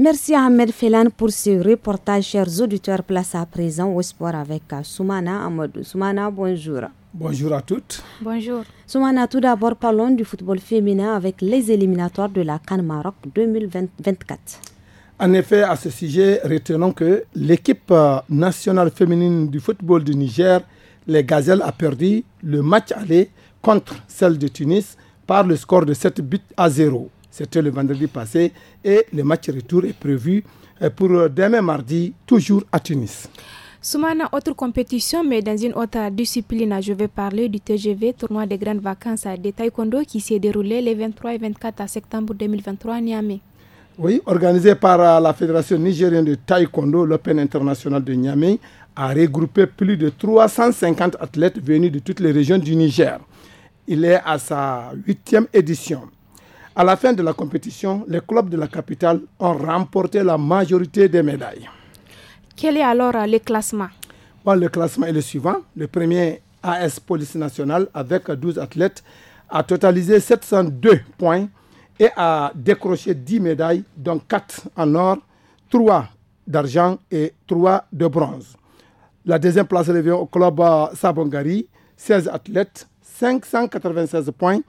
Merci à Ahmed Félan pour ce reportage, chers auditeurs. Place à présent au sport avec euh, Soumana Amadou. Soumana, bonjour. Bonjour
à toutes.
Bonjour.
Soumana, tout d'abord, parlons du football féminin avec les éliminatoires de la Cannes Maroc 2024.
En effet, à ce sujet, retenons que l'équipe euh, nationale féminine du football du Niger, les Gazelles, a perdu le match aller contre celle de Tunis par le score de 7 buts à 0. C'était le vendredi passé et le match retour est prévu euh, pour euh, demain mardi, toujours à Tunis.
Soumana, autre compétition, mais dans une autre discipline, je vais parler du TGV, tournoi des grandes vacances de taekwondo qui s'est déroulé les 23 et 24 septembre 2023 à Niamey.
Oui, organisé par euh, la Fédération nigérienne de taekwondo, l'Open international de Niamey a regroupé plus de 350 athlètes venus de toutes les régions du Niger. Il est à sa huitième édition. À la fin de la compétition, les clubs de la capitale ont remporté la majorité des médailles.
Quel est alors euh, le classement
Le classement est le suivant. Le premier AS Police Nationale, avec 12 athlètes, a totalisé 702 points et a décroché 10 médailles, dont 4 en or, 3 d'argent et 3 de bronze. La deuxième place revient au club euh, Sabongari, 16 athlètes, 596 points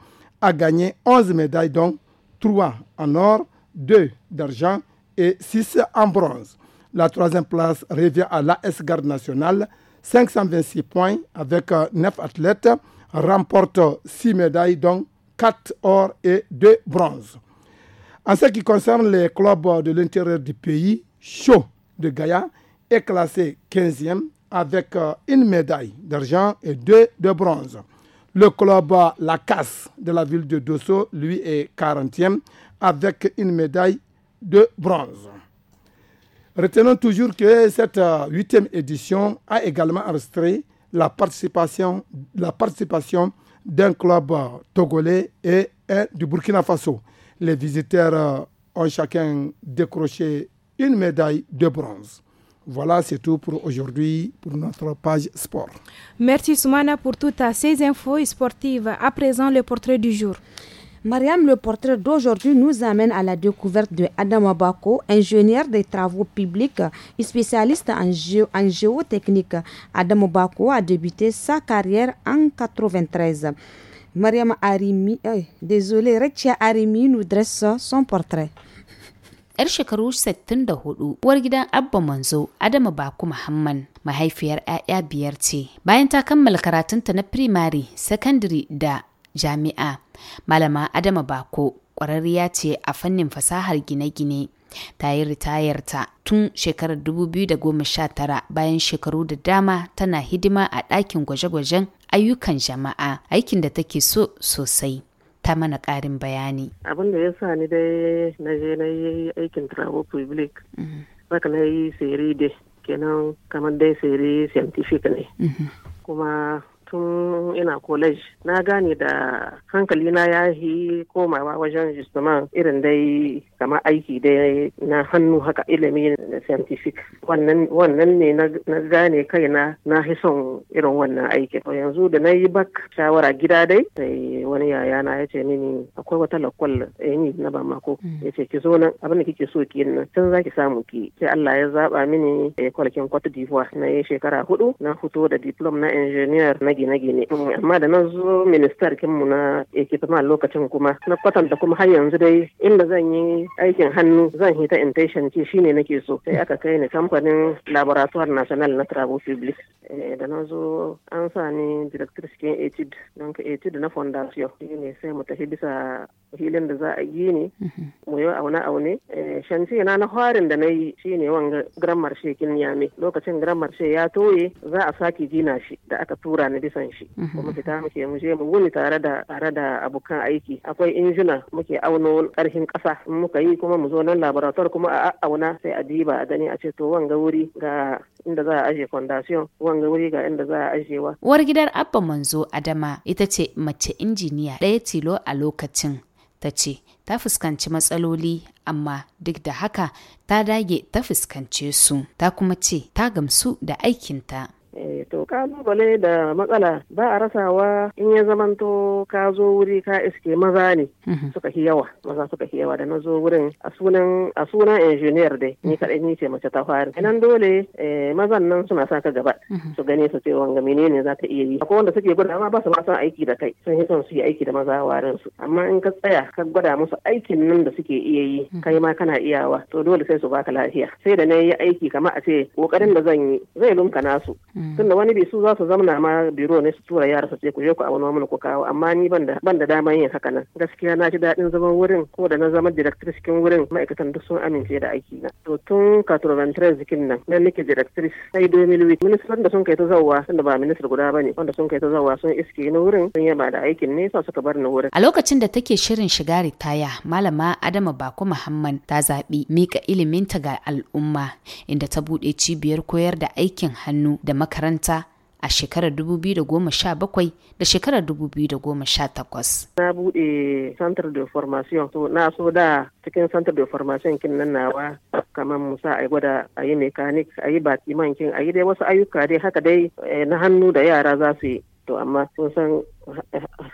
a gagné 11 médailles, dont 3 en or, 2 d'argent et 6 en bronze. La troisième place revient à l'AS Garde nationale, 526 points avec 9 euh, athlètes, remporte 6 médailles, dont 4 or et 2 bronze. En ce qui concerne les clubs de l'intérieur du pays, Chaud de Gaïa est classé 15e avec euh, une médaille d'argent et 2 de bronze. Le club La Casse de la ville de Dosso, lui, est 40e avec une médaille de bronze. Retenons toujours que cette euh, huitième édition a également enregistré la participation, la participation d'un club euh, togolais et un du Burkina Faso. Les visiteurs euh, ont chacun décroché une médaille de bronze. Voilà, c'est tout pour aujourd'hui, pour notre page sport.
Merci Soumana pour toutes ces infos sportives. À présent, le portrait du jour. Mariam, le portrait d'aujourd'hui nous
amène à la découverte de Adam Abako, ingénieur des travaux publics et spécialiste en, géotechnique. Adam Abako a débuté sa carrière en 1993. Mariam Arimi, euh, désolé, Rechia Arimi nous dresse son portrait. 'yar shekaru 64 uwar gidan Abba Manzo Adama
Baku Muhammad mahaifiyar 'ya'ya biyar ce. Bayan ta kammala karatunta na firimare, sakandare da jami'a, Malama Adama Bako ƙwararriya ce a fannin fasahar gine-gine. ta yi ritayarta tun shekarar 2019 bayan shekaru da dama tana hidima a ɗakin gwaje-gwajen ayyukan jama'a aikin da take so sosai ta mana ƙarin bayani.
Abin da ya sa ni dai na je na yi aikin travel public. Baka mhm. na yi seri da kenan kamar dai sere scientific ne. Mhm. Kuma tun ina college na gane da hankali na ya yi komawa wajen justement irin dai kama aiki dai na hannu haka ilimi na scientific wannan ne na gane kai na na son irin wannan aikin to yanzu da na yi bak shawara gida dai sai wani yaya na ya ce mini akwai wata lakwal yi eh, na ba mako mm. ya ce ki zo nan abin da kike so ki nan tun za ki samu ki sai Allah ya zaba mini ya eh, kwalkin Cote d'Ivoire na yi shekara hudu na fito da diplom na engineer na gine-gine mm, amma da na zo minister kinmu na equipment lokacin kuma na kwatanta kuma har yanzu dai inda zan yi aikin hannu zan hita in ce shi shine nake so sai aka kai ni kamfanin laboratoire national na travaux public eh, da na zo an sa ni director cikin etude don na fondation ne sai mu tafi bisa filin da za a yi ne mhm. mu yi aune aune eh, shanti na na harin da na yi shine wanga gran marshe kin yame lokacin gran marshe ya toye za a sake jina shi da aka tura ni bisan shi mhm. kuma fita muke mu je mu wuni tare da tare da abokan aiki akwai injuna muke auno karhin kasa in muka yi kuma mu zo nan laborator kuma a auna sai a diba a gani a ce to wanga wuri ga inda za a aje fondation wanga wuri ga inda za a ajewa
uwar gidan abba manzo adama ita ce mace injiniya ɗaya tilo a lokacin ta ce ta fuskanci matsaloli amma duk da haka ta dage ta fuskance su ta kuma ce ta gamsu da aikinta.
Eh, to kalubale da matsala ba a rasawa in ya zamanto ka zo wuri ka iske maza ne mhm. suka fi yawa maza suka fi yawa da na zo wurin a sunan a sunan engineer dai ni mhm. kaɗai ni ce mace ta fari nan dole eh, mazan nan suna sa ka gaba mhm. su gane su ce wanga menene za ta iya yi akwai wanda suke gwada ma ba su ma san aiki da kai sun yi son su yi aiki da maza warin su amma in ka tsaya ka gwada musu aikin nan da suke iya yi kai ma kana iyawa to dole sai su baka lafiya sai da na yi aiki kamar a ce kokarin da zan yi zai lunka nasu Mm. tunda wani bai su za su zamana ma biro ne su tura yara su ce ku je ku auna mana ku kawo amma ni ban da ban da daman yin haka nan gaskiya na ji daɗin zaman wurin ko da na zama director cikin wurin ma'aikatan duk sun amince da aiki na to tun katuro jikin nan dan nake director sai 2008 ministan da sun kai ta zawa tunda ba minister guda bane wanda sun kai ta zawa sun iske ni wurin sun yaba da aikin ne sa suka bar ni wurin a
lokacin da take shirin shiga ritaya malama Adama Bako Muhammad ta zaɓi mika ta ga al'umma inda ta buɗe cibiyar koyar da aikin hannu da makaranta a shekarar 2017 da shekarar 2018.
Na buɗe Center de Formation, so na so da cikin Center de Formation kin nan nawa kamar musa a gwada a yi mekanik a yi batiman kin a yi dai wasu ayyuka dai haka dai eh, na hannu da yara za su yi. To amma sun san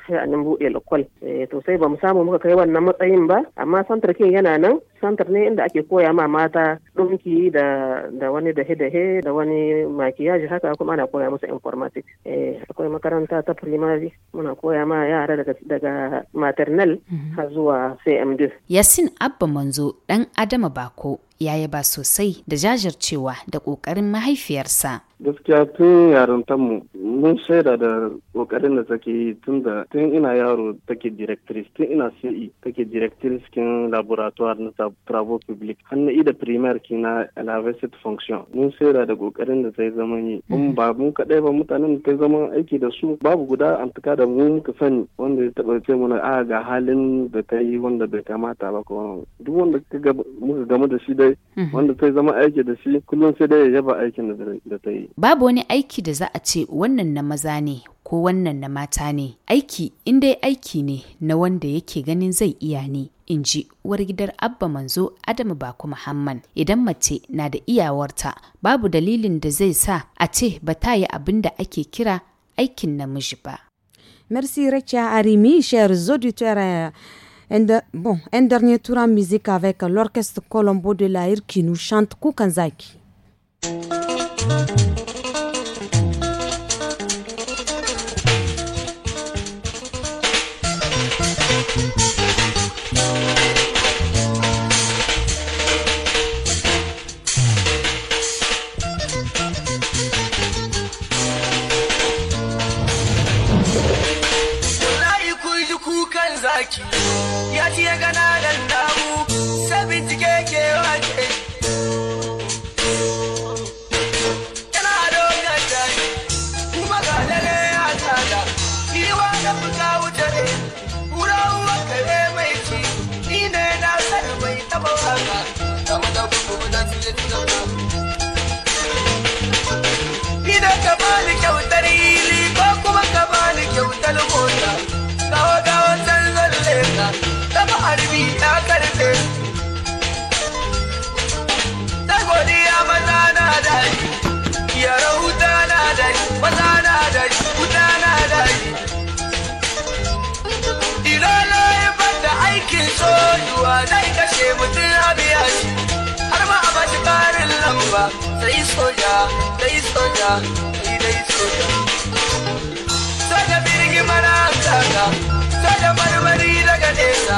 nan buɗe lokal eh, to sai ba mu samu muka kai wannan matsayin ba amma santar kin yana nan santar ne inda ake koya ma mata ɗumki da da wani dahe-dahe da wani makiyaji haka kuma ana koya musu informatics eh, akwai makaranta ta primary muna koya ma yara daga daga maternal mhm. har zuwa cmd yasin
abba manzo dan adama bako ya ba sosai da jajircewa da ƙoƙarin mahaifiyarsa.
Gaskiya tun mu. mun shaida da ƙoƙarin da take
yi tun da tun ina yaro take directrice tun ina CE take directrice kin laboratoire na travaux public har na ida primaire kin na elevated function mun shaida da ƙoƙarin da zai zaman yi. Mun mm-hmm. ba mun kaɗai ba mutanen da ta zaman aiki da su babu guda amtuka da mu muka sani wanda ya taba ce mana a ah, ga halin da ta yi wanda bai kamata ba ko duk wanda ka muka game da shi dai mhm. wanda ta zama aiki da shi kullum sai dai ya yaba aikin da ta yi.
Babu wani aiki da za a ce wannan na maza ne ko wannan na mata ne. Aiki in dai aiki ne na wanda yake ganin zai iya ne. In ji uwar gidar Abba Manzo Adamu Baku Muhammad idan mace na da iyawarta babu dalilin
da zai sa a ce ba ta yi abin da ake kira aikin namiji ba. Merci Recha Arimi, chers auditeurs. Un, bon, un dernier tour en musique avec l'orchestre Colombo de l'Aïr qui nous chante Kukanzaki.
I'm gana dan damu sabin cike ke wace yana uwa harbi na karfe ta godiya maza na dari yara huta na dari maza na dari huta na dari irana ya aikin sojuwa zai kashe mutum abiya shi har ma a bashi barin lamba sai soja sai soja sai dai soja soja birgimar haka soja marmari daga nesa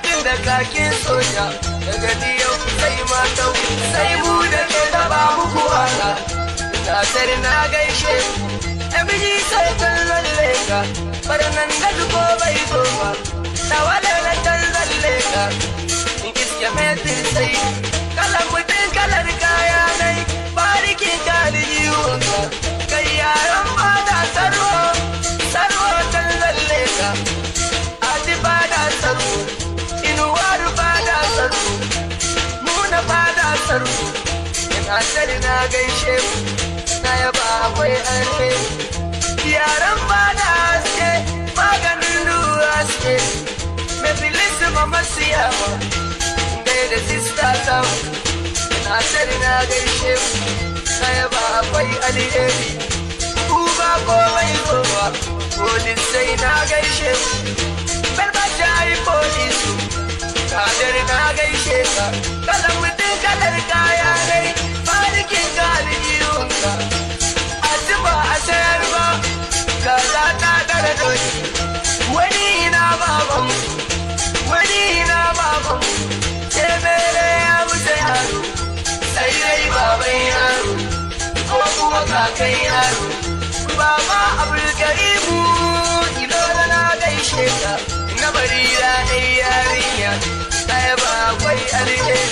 da kakin soja daga yau sai mata sai mu da ke taba muku hana tasar na gaishe emiji sai kan leka ka farnan da duko bai koma tawala na kan leka ka kiske metin sai kalan mutum kalar kaya nai barikin kalin yiwon ka na gaishe mu na yaba akwai arfe yaran ba na haske maganin ruwa haske mai filisi mama siyama gai da sista sama na sari na gaishe mu na yaba akwai alheri uba komai kowa polis sai na gaishe mu belbaja yi polisu kadar na gaishe ka kalan mutum kalar kaya dai farikin ka aljihunka a zuba a sayar ba ka za ta kara doki wani ina baban wani ina baban ke ya wuce yaro sai dai baban yaro ko kuma kakai yaro baba abulkarimu ilo na gaishe ka na bari ya ɗai yarinya ba kwai alheri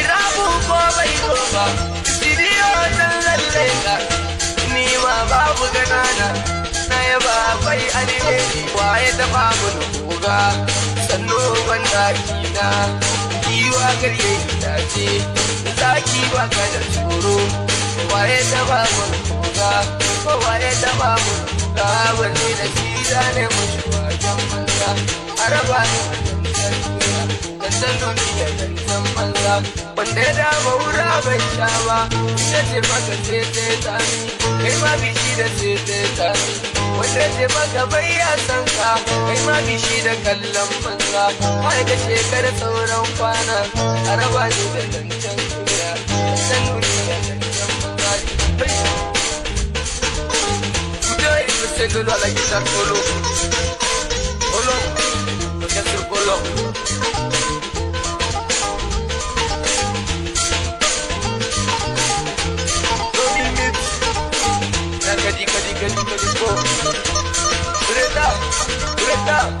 ina ko bai zo ba bidiyo dan lalle ka ni ma babu ganana na ya ba kwai alheri waye ta ba mun koga sannu ban daki na kiwa karye ta ce zaki ba ka da tsoro waye ta ba mun koga waye ta ba mun koga wanne da shi zane mu shi ba araba ne sanu da banza wanda ya dama wura bai sha ba ita ce maka sai sai ta kai ma bishi da sai ta wanda ce maka bai ya san ka kai ma bishi da kallon banza ai ga shekara sauran kwana a raba ni da zancen kura sanu da zancen banza Today is the second one like that solo. Solo,
look at your solo.
Put it up, put it up.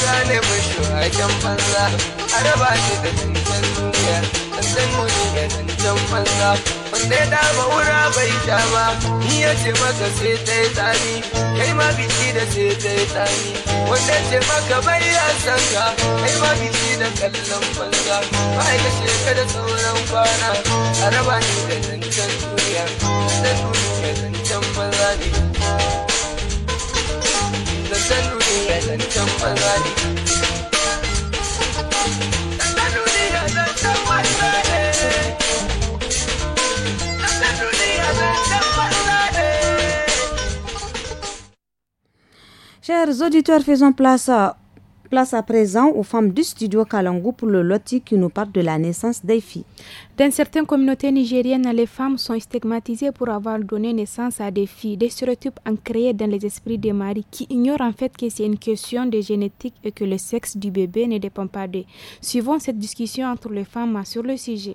zalimin shuhaken banza a raba shi da zancen duniya a san mutu da zancen banza wanda ya dama wura bai sha ba ni ya ce maka sai ta yi tsami kai ma biki da sai ta yi tsami wanda ya ce maka bai ya san ka kai ma biki da kallon banza ba a ka shekara sauran kwana a raba shi da zancen duniya a san mutu da zancen banza
Chers auditeurs, faisons place à,
place à présent aux femmes du studio Kalangu pour le loti qui nous parle de la naissance des filles. Dans certaines communautés nigériennes, les femmes sont stigmatisées pour avoir donné naissance à des filles. Des stéréotypes ancrés dans les esprits des maris qui ignorent en fait que c'est une question de génétique et que le sexe du bébé ne dépend pas d'eux. Suivons cette discussion entre les femmes sur le sujet.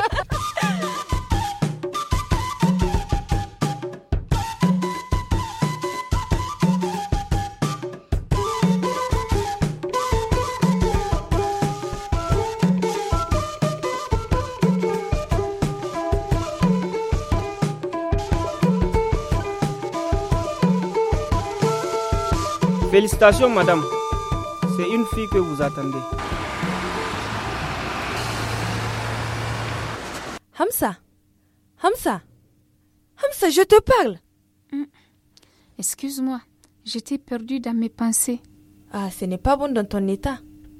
Félicitations, madame. C'est une fille que vous
attendez.
Hamza, Hamza, Hamza, je te parle. Hum. Excuse-moi, j'étais perdue dans mes pensées. Ah, ce n'est pas bon dans ton état.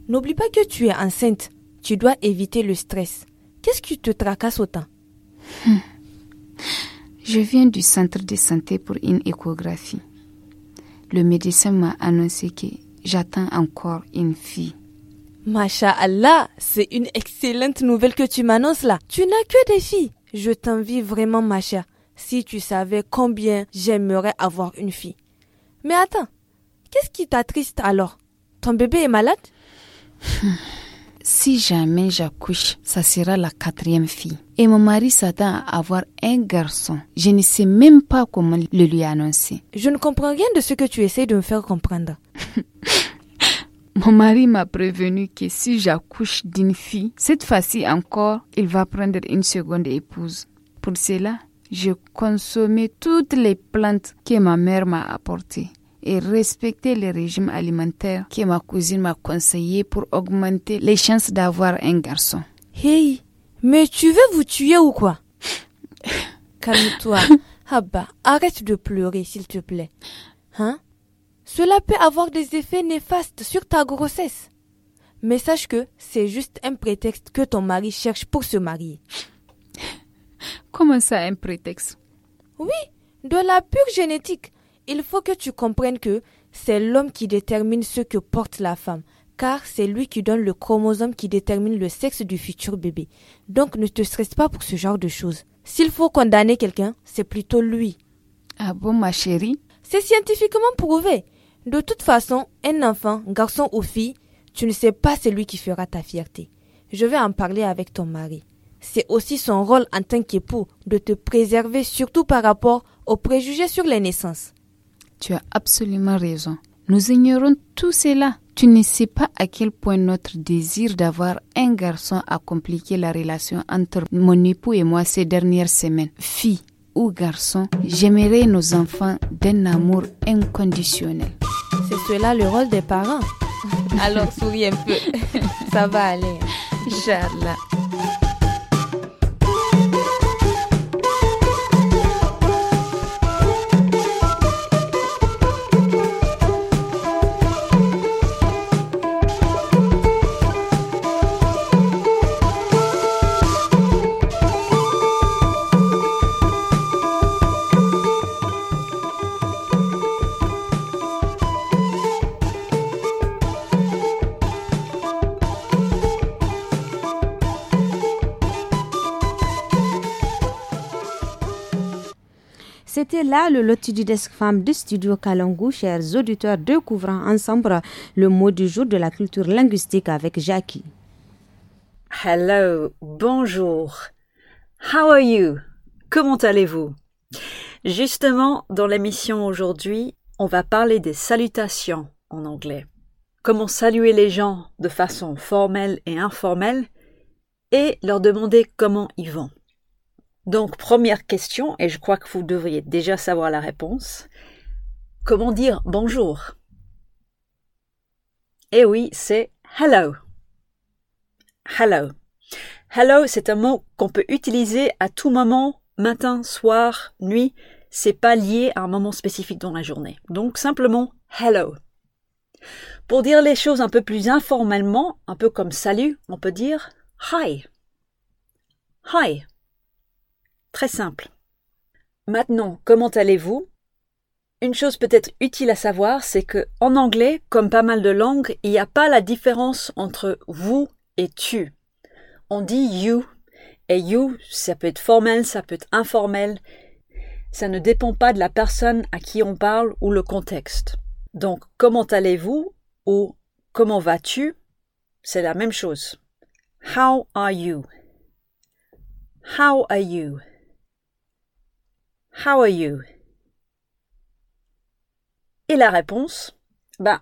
N'oublie pas que tu es enceinte. Tu dois éviter le stress. Qu'est-ce qui te tracasse autant hum.
Je viens du centre de santé pour une échographie le médecin m'a annoncé que j'attends encore une fille.
Masha Allah, c'est une excellente nouvelle que tu m'annonces là. Tu n'as que des filles. Je t'envie vraiment, Masha. Si tu savais combien j'aimerais avoir une fille. Mais attends, qu'est-ce qui t'attriste alors Ton bébé est malade
si jamais j'accouche, ça sera la quatrième fille. Et mon mari s'attend à avoir un garçon. Je ne sais même pas comment le lui annoncer. Je ne comprends rien de ce que tu essaies de me faire comprendre. Mon mari m'a prévenu que si j'accouche d'une fille, cette fois-ci encore, il va prendre une seconde épouse. Pour cela, j'ai consommé toutes les plantes que ma mère m'a apportées et respecter le régime alimentaire que ma cousine m'a conseillé pour augmenter les chances d'avoir un garçon.
Hey, mais tu veux vous tuer ou quoi Calme-toi. bah, arrête de pleurer, s'il te plaît. Hein Cela peut avoir des effets néfastes sur ta grossesse. Mais sache que c'est juste un prétexte que ton mari cherche pour se marier.
Comment ça, un prétexte Oui,
de la pure génétique. Il faut que tu comprennes que c'est l'homme qui détermine ce que porte la femme, car c'est lui qui donne le chromosome qui détermine le sexe du futur bébé. Donc ne te stresse pas pour ce genre de choses. S'il faut condamner quelqu'un, c'est plutôt lui. Ah bon, ma chérie C'est scientifiquement prouvé. De toute façon, un enfant, garçon ou fille, tu ne sais pas c'est lui qui fera ta fierté. Je vais en parler avec ton mari. C'est aussi son rôle en tant qu'époux de te préserver surtout par rapport aux préjugés sur les naissances.
Tu as absolument raison. Nous ignorons tout cela. Tu ne sais pas à quel point notre désir d'avoir un garçon a compliqué la relation entre mon époux et moi ces dernières semaines. Fille ou garçon, j'aimerais nos enfants d'un amour inconditionnel. C'est cela le rôle des parents.
Alors souris un peu.
Ça va aller. Inch'Allah.
là le loti du desk du Studio Kalangu, chers auditeurs, découvrant ensemble le mot du jour de la culture linguistique avec
Jackie. Hello, bonjour. How are you? Comment allez-vous? Justement, dans l'émission aujourd'hui, on va parler des salutations en anglais. Comment saluer les gens de façon formelle et informelle et leur demander comment ils vont. Donc, première question, et je crois que vous devriez déjà savoir la réponse. Comment dire bonjour Eh oui, c'est hello. Hello. Hello, c'est un mot qu'on peut utiliser à tout moment, matin, soir, nuit. C'est pas lié à un moment spécifique dans la journée. Donc, simplement hello. Pour dire les choses un peu plus informellement, un peu comme salut, on peut dire hi. Hi. Très simple. Maintenant, comment allez-vous Une chose peut-être utile à savoir, c'est que en anglais, comme pas mal de langues, il n'y a pas la différence entre vous et tu. On dit you et you, ça peut être formel, ça peut être informel. Ça ne dépend pas de la personne à qui on parle ou le contexte. Donc, comment allez-vous ou comment vas-tu C'est la même chose. How are you? How are you? How are you? Et la réponse? Ben,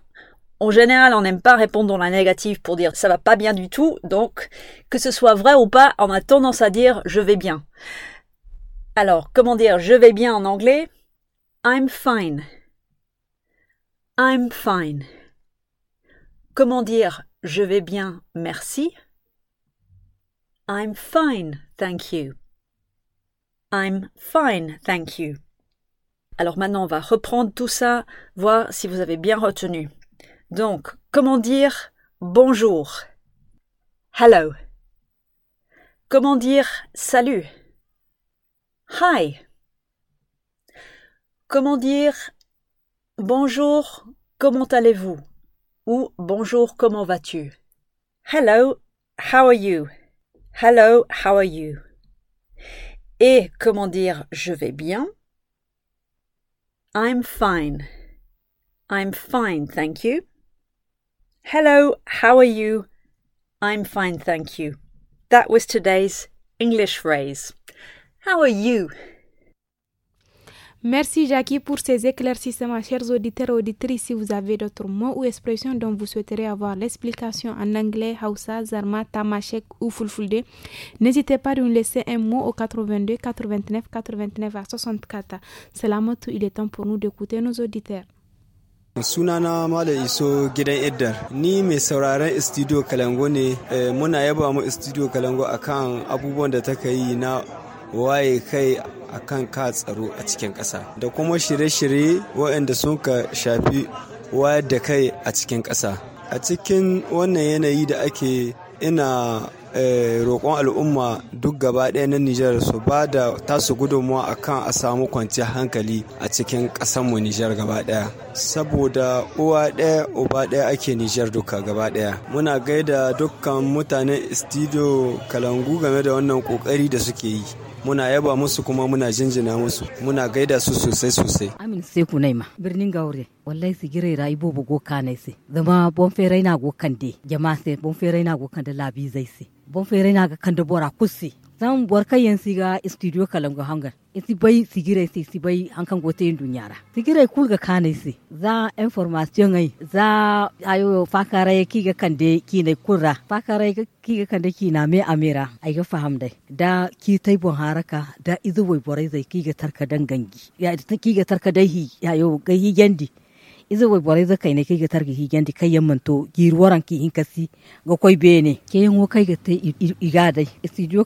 en général, on n'aime pas répondre dans la négative pour dire ça va pas bien du tout, donc que ce soit vrai ou pas, on a tendance à dire je vais bien. Alors, comment dire je vais bien en anglais I'm fine. I'm fine. Comment dire je vais bien, merci I'm fine, thank you. I'm fine, thank you. Alors maintenant, on va reprendre tout ça, voir si vous avez bien retenu. Donc, comment dire bonjour Hello. Comment dire salut Hi. Comment dire bonjour, comment allez-vous ou bonjour, comment vas-tu Hello, how are you Hello, how are you Et comment dire je vais bien I'm fine. I'm fine, thank you. Hello, how are you? I'm fine, thank you. That was today's English phrase. How are you? Merci Jackie pour ces éclaircissements,
chers auditeurs et auditrices. Si vous avez d'autres mots ou expressions dont vous souhaiterez avoir l'explication en anglais, Hausa, Zarma, Tamashek ou Fulfulde, n'hésitez pas à nous laisser un mot au 82 89 89 à 64. Salamatu, il est temps pour nous d'écouter nos auditeurs.
akan ka tsaro a cikin ƙasa da kuma shirye-shirye waɗanda sun ka shafi wayar da kai a cikin ƙasa a cikin wannan yanayi da ake ina eh, roƙon al'umma duk gaba ɗaya na Nijar su ba da tasu gudunmuwa a kan a samu kwanciyar hankali a cikin ƙasanmu Nijar gaba ɗaya. Saboda uwa ɗaya uba ɗaya ake Nijar duka gaba ɗaya. Muna gaida dukkan mutanen studio Kalangu game da wannan ƙoƙari da suke yi. muna yaba musu kuma muna jinjina musu muna gaida su sosai sosai
amin sai ku naima birnin gaure wallahi su gire rai bobo goka kanai sai zama bon fere na go kande jama'a sai bon ferai na go kande labi zai sai bon fere na ga kande bora kusi zan warka yansi ga studio kalango hangar isi bai sigirai si si bai hankan gote yin dunyara sigirai kul ga kanai si za information ai za ayo fakara ya kiga kande ne kurra fakara ya kiga kande na me amira ai ga faham dai da ki tai bon haraka da izu wai borai zai kiga tarka dangangi ya ta kiga tarka dai hi ya yo ga yandi izo wai bore za kai kai ga ki gendi kai yamman to gir waran ki hin kasi ga koi be ne ke yin wo kai ga te iga dai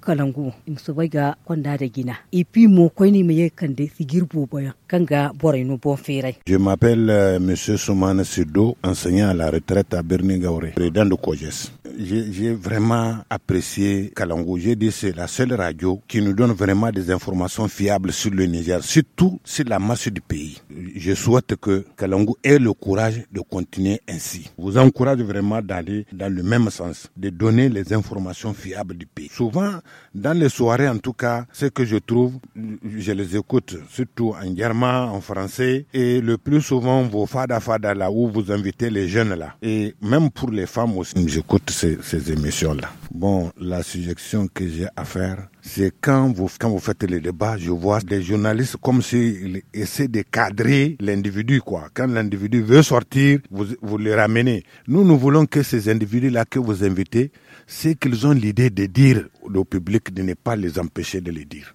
kalangu im so bai ga konda da gina ipi mo koi ni me kan de sigir bo baya kan ga bore no bon ferai
je m'appelle euh, monsieur Soumane Sido enseignant à la retraite à Berni Gauré président de Coges j'ai vraiment apprécié Kalango. J'ai dit c'est la seule radio qui nous donne vraiment des informations fiables sur le Niger, surtout sur la masse du pays. Je souhaite que Kalango ait le courage de continuer ainsi. Je vous encourage vraiment d'aller dans le même sens, de donner les informations fiables du pays. Souvent, dans les soirées en tout cas, ce que je trouve, je les écoute, surtout en german, en français, et le plus souvent vos fada fada là où vous invitez les jeunes là. Et même pour les femmes aussi, j'écoute ces, ces émissions là. Bon, la suggestion que j'ai à faire, c'est quand vous, quand vous faites les débats, je vois des journalistes comme s'ils essaient de cadrer l'individu, quoi. Quand l'individu veut sortir, vous, vous le ramenez. Nous, nous voulons que ces individus-là que vous invitez, c'est qu'ils ont l'idée de dire au public de ne pas les empêcher de le dire.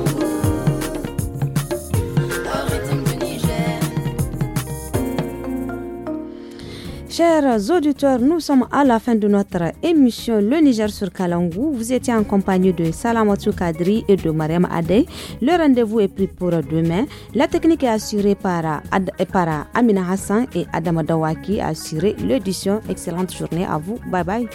Chers auditeurs, nous sommes à la fin de notre émission Le Niger sur Kalangou. Vous étiez en compagnie de Salamatou Kadri et de Mariam Adey. Le rendez-vous est pris pour demain. La technique est assurée par, par Amina Hassan et Adam Dawaki assuré l'édition. Excellente journée à vous. Bye bye.